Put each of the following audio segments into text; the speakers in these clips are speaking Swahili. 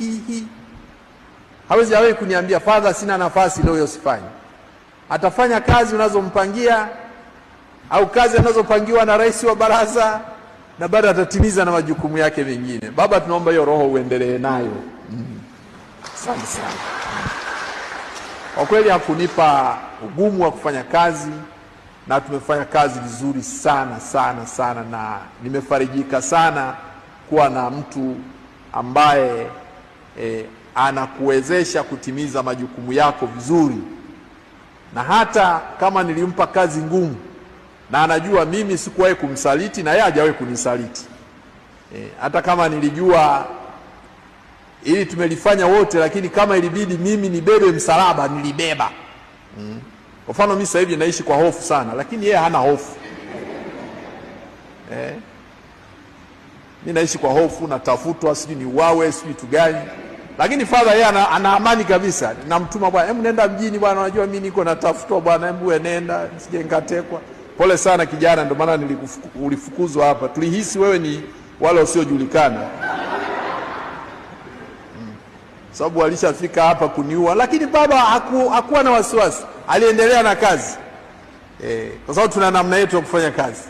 hi, hi. Hawezi awe kuniambia fadha, sina nafasi leo, usifanye. Atafanya kazi unazompangia au kazi anazopangiwa na rais wa baraza, na bado atatimiza na majukumu yake mengine. Baba, tunaomba hiyo roho uendelee nayo. Mm. Asante mm, sana kwa kweli, hakunipa ugumu wa kufanya kazi na tumefanya kazi vizuri sana sana sana, na nimefarijika sana kuwa na mtu ambaye e, anakuwezesha kutimiza majukumu yako vizuri, na hata kama nilimpa kazi ngumu na anajua mimi sikuwahi kumsaliti na yeye hajawahi kunisaliti e, hata kama nilijua ili tumelifanya wote, lakini kama ilibidi mimi nibebe msalaba nilibeba. Mm. Kwa mfano mimi sasa hivi naishi kwa hofu sana, lakini yeye hana hofu eh mi naishi kwa hofu, natafutwa, sijui ni wawe sijui kitu gani, lakini father yeye ana, ana amani kabisa. Namtuma bwana, hebu nenda mjini bwana, unajua mimi niko natafutwa bwana, hebu we nenda, sije nkatekwa. Pole sana kijana, ndio maana nilifukuzwa hapa, tulihisi wewe ni wale wasiojulikana hmm. Sababu alishafika hapa kuniua, lakini baba haku, hakuwa na wasiwasi, aliendelea na kazi eh, kwa sababu tuna namna yetu ya kufanya kazi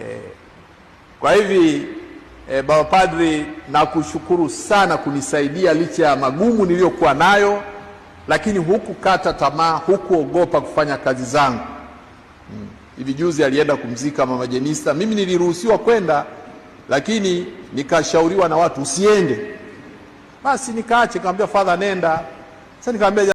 eh, kwa hivi E, baba padri, nakushukuru sana kunisaidia licha ya magumu niliyokuwa nayo, lakini hukukata tamaa, hukuogopa kufanya kazi zangu. Hmm. Hivi juzi alienda kumzika mama Jenista, mimi niliruhusiwa kwenda, lakini nikashauriwa na watu usiende, basi nikaache, nikamwambia father, nenda. Sasa nikamwambia